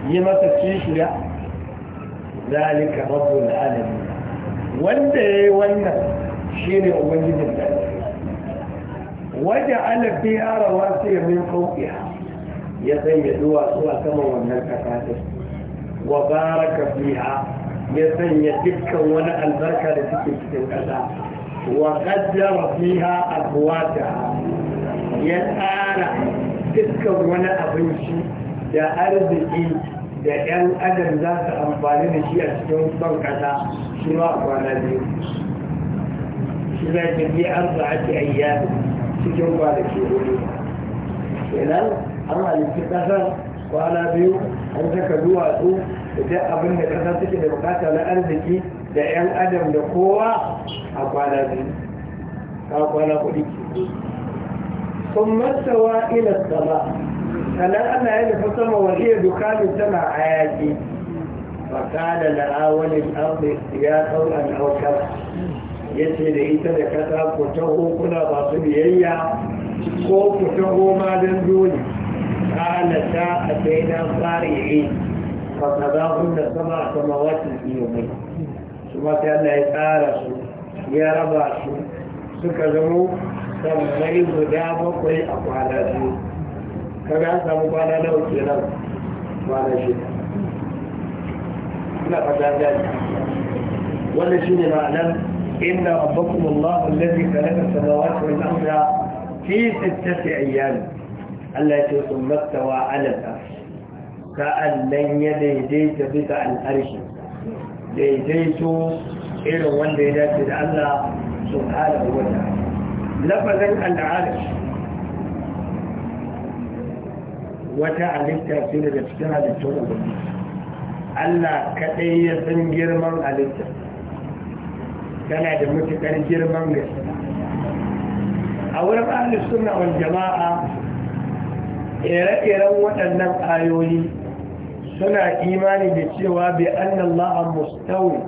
Speaker 1: yi masa kishiya zalika rabbul alamin wanda yayi wannan shine ubangijin da waje ala fi arawa sai min fawqiha ya sanya duwatsu a saman wannan kasa din wa baraka fiha ya sanya dukkan wani albarka da cikin cikin kasa wa qaddara fiha aqwataha ya tsara dukkan wani abinci da arziki da ɗan adam za su amfani da shi a cikin ban shi ma a kwana biyu shi za ta biya an sa ake ayya cikin ke wuri kenan an halittu ƙasa, kwana biyu an saka duwatsu da duk abin da kasa suke da bukata na arziki da ɗan adam da kowa a kwana biyu a kwana kuɗi ke sun masawa ila sama sannan Allah ya nufi sama wa iya dukkanin tana a yaƙi fakada da awalin arzik ya ɗaukan aukar ya ce da ita da kasa ku taho kuna masu biyayya ko ku taho ma don dole kana ta a sai na fari'i fakazahun da sama a samawatin iyomai su mata Allah ya tsara su ya raba su suka zamo sammai guda bakwai a kwana biyu kaga an samu kwana nawa kenan kwana shida ina fata gani shi ne ma'anar inna rabbakum Allah allazi khalaqa as-samawati wal arda fi sittati ayyam Allah ya ce summa tawa 'ala al-arsh ka'annan ya daidaita bisa al-arshi daidaito irin wanda ya dace da Allah subhanahu wa ta'ala lafazan al-arsh wata halitta ce daga cikin halittun ubangiji Allah kaɗai ya san girman halitta tana da matuƙar girman gaske a wurin ahlus sunna wal jama'a ire-iren waɗannan ayoyi suna imani da cewa bi annallaha mustawi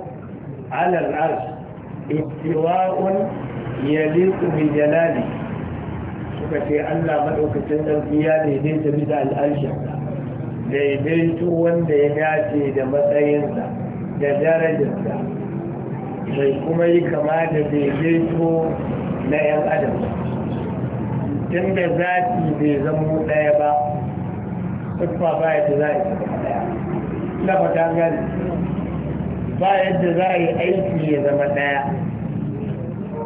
Speaker 1: ala al-arsh istiwa'un yaliqu bi jalalihi suka ce Allah maɗaukacin ɗauki ya daidaita bisa al'arshinsa daidaito wanda ya dace da matsayinsa da darajarsa bai kuma yi kama da daidaito na 'yan adam tun da zafi bai zamo ɗaya ba siffa ba yadda za a yi ɗaya na fata gani ba yadda za a yi aiki ya zama ɗaya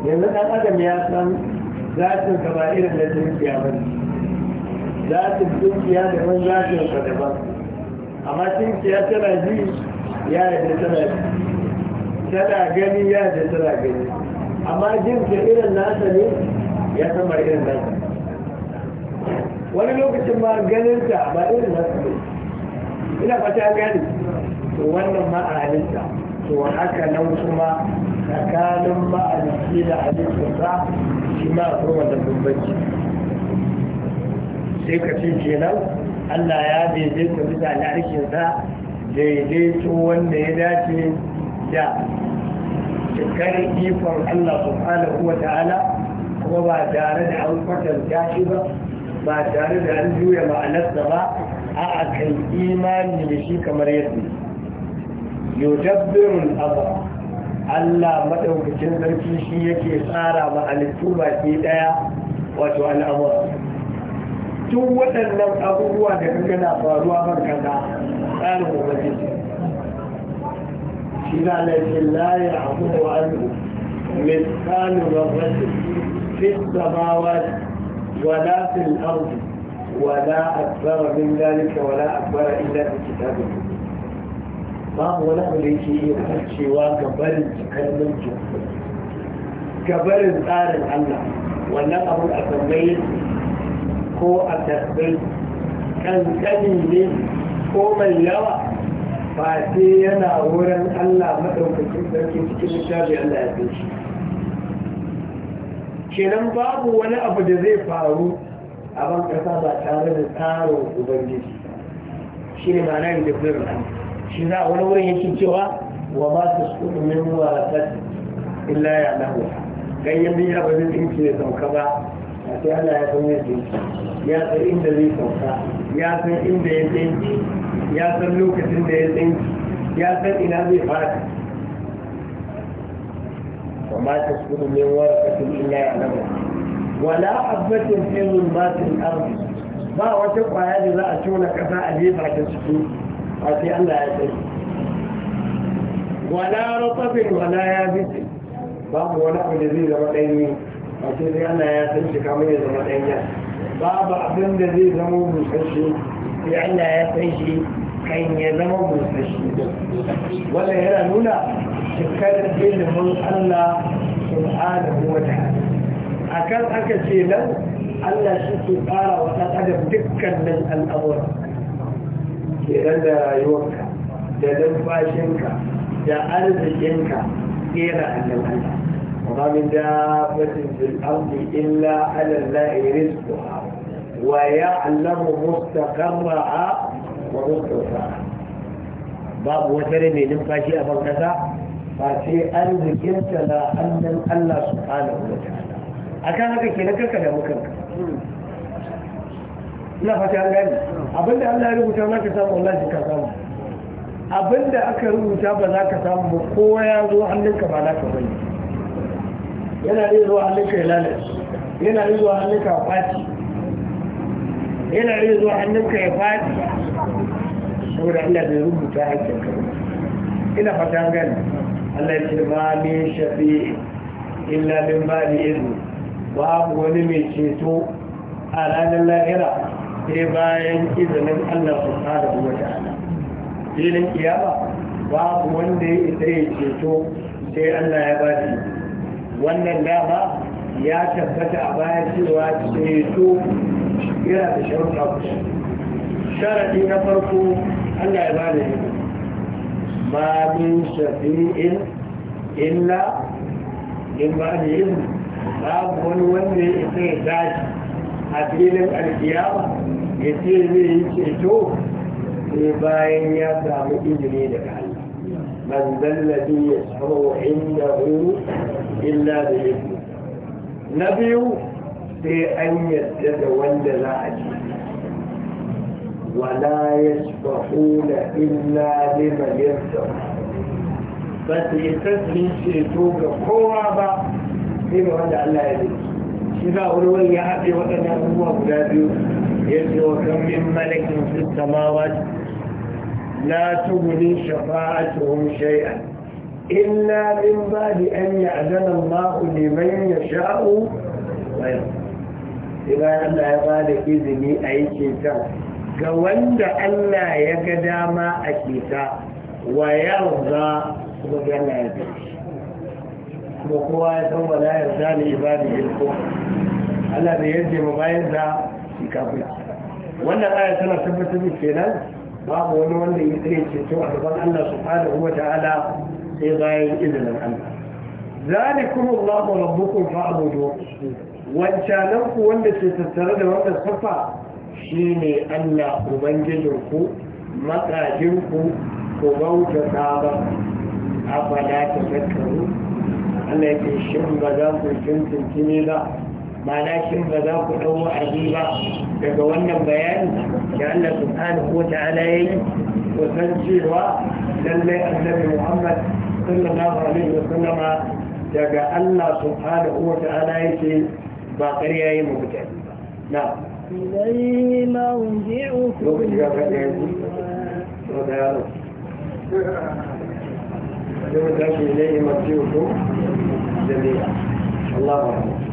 Speaker 1: yanzu ɗan adam ya san zatin ka ba irin da dukiya ba ne zatin dukiya da wani zatin ka daban amma dukiya tana ji ya yadda tana ji tana gani ya yadda tana gani amma jin ka irin nasa ne ya sama irin nasa wani lokacin ma ganin ta ba irin nasa ne ina fata gani to wannan ma a halitta to haka nan kuma tsakanin ma'aliki da halittarsa shi a akwai bambanci sai ka ce kenan Allah ya daidaita bisa al'arshinsa daidaito wanda ya dace da cikar ikon Allah subhanahu Kuwa ta'ala kuma ba tare da an kwatanta shi ba ba tare da an juya ma'anarsa ba a akan imani da shi kamar yadda yudabbiru al'amara Allah madaukakin sarki shi yake tsara ma halittu baki daya wato al'amura tun waɗannan abubuwa da kaga na faruwa ban kaza tsarin ubangiji shi na laifin layar abu da wa'azu misalin rabbatin fi samawa wala fil ardi ولا أكبر من ذلك ولا أكبر إلا في كتاب الله babu wani abu da yake iya cewa gabarin cikar mulkin gabarin tsarin Allah wannan abu a tambaye ko a tarbai kankani ne ko mai yawa ba sai yana wurin Allah maɗaukakin sarki cikin littafi Allah ya fi shi kenan babu wani abu da zai faru a ban ƙasa ba tare da tsarin ubangiji shi ne ma'ana yin da شراء نوره شتوى وما تسكن من ورثة إلا يعلمها كي يبني ربما يمشي كما أتي على يا ياسر وما تسكن من ورثة إلا يعلمها ولا حبة في ظلمات الأرض ما وتقوى هذه لا أتونك فأليبرك سكوت أتي أن لا يتجد ولا رطب ولا يابس باب هو نحو لذيذ مدينين أتي أن لا يتجد كما يتجد مدينين باب عبد لذيذ مو مستشي في أن لا يتجد كين يزم مستشي ولا يرى نولا شكال الدين من الله سبحانه وتعالى أكاد أكاد شيئا الله شكو قال وقد أدب دكا من الأمور kenan da rayuwarka da numfashinka da arzikinka tsera annan Allah وما من دابة في الأرض إلا على الله رزقها ويعلم مستقرها ومستودعها babu wata rai mai numfashi a ban kasa ba sai an zikinta na annan Allah subhanahu wa ta'ala akan haka kenan karka da mukanka ina fata an gane abinda Allah ya rubuta ma ka samu wallahi ka samu abinda aka rubuta ba za ka samu ba kowa ya zo hannunka ba za ka bane yana iya zuwa hannunka ya lalace yana iya zuwa hannunka ya kwaci yana iya zuwa hannunka ya faɗi saboda Allah bai rubuta hakkin ka ina fata an gane Allah ya ce ma min shafi illa min ba da izini babu wani mai ceto a ranar lahira sai bayan izinin Allah subhanahu wa ta'ala filin kiyama babu wanda ya isa ya ceto sai Allah ya ba shi wannan dama ya tabbata a baya cewa ceto yana da sharuɗa kusa sharaɗi na farko Allah ya ba da shi ma min shafi'in illa in ba da yin babu wani wanda ya isa ya tashi a filin alkiyama ya ce zai yi ceto sai bayan ya samu izini daga Allah man zallabi ya shawo inda hu illa da yake na biyu sai an yadda da wanda za a ce wala ya shafa'una illa liman yarsa ba su yi sassin ceto ga kowa ba sai ga wanda Allah ya zai shi za a wani ya haɗe waɗannan abubuwa guda biyu يجي وكم من ملك في السماوات لا تغني شفاعتهم شيئا إلا من بعد أن يأذن الله لمن يشاء ويرضى إذا الله يبارك إذني أي شيطان كوند الله يقدام أشيطان ويرضى وقال الله يبارك وقوة ولا يرضى لعباده الكفر Allah bai yarda mu bayan da shi kafira wannan aya tana tabbatar da kenan babu wani wanda ya tsaye ceto a gaban Allah su subhanahu wa ta'ala sai bayan izinin Allah zalikum Allah rabbukum fa'budu wancanan ku wanda ke tattare da wannan safa ne Allah ubangijinku matsajinku ku bauta sabon afala ta zakaru Allah ya ce shin ba za ku tuntunci ne ba ma'ana ba za ku ɗau wa'azi ba daga wannan bayani da Allah subhanahu wa ta'ala ya yi ku san cewa lallai annabi Muhammad sallallahu alaihi wa sallama daga Allah subhanahu wa ta'ala yake ba ƙarya yi ba na إليه
Speaker 2: مرجعكم
Speaker 1: إليه مرجعكم جميعا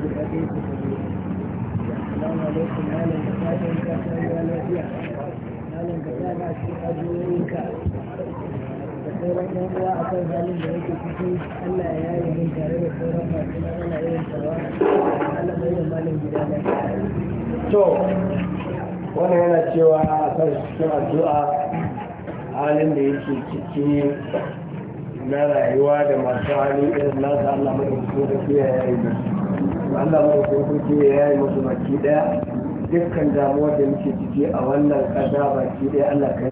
Speaker 1: السلام عليكم اهلا وسهلا بك ايها الوديع اهلا وسهلا في uwa a
Speaker 2: kan da cikin Allah ya yi tare da sauran
Speaker 1: to wannan yana cewa a kan cikin addu'a halin da yake ciki na rayuwa da masu hali irin nasa Allah mai da su da su Allah mai kurkuki ya yi musu baki daya dukkan damuwar da muke ciki a
Speaker 3: wannan ƙasa baki daya Allah kai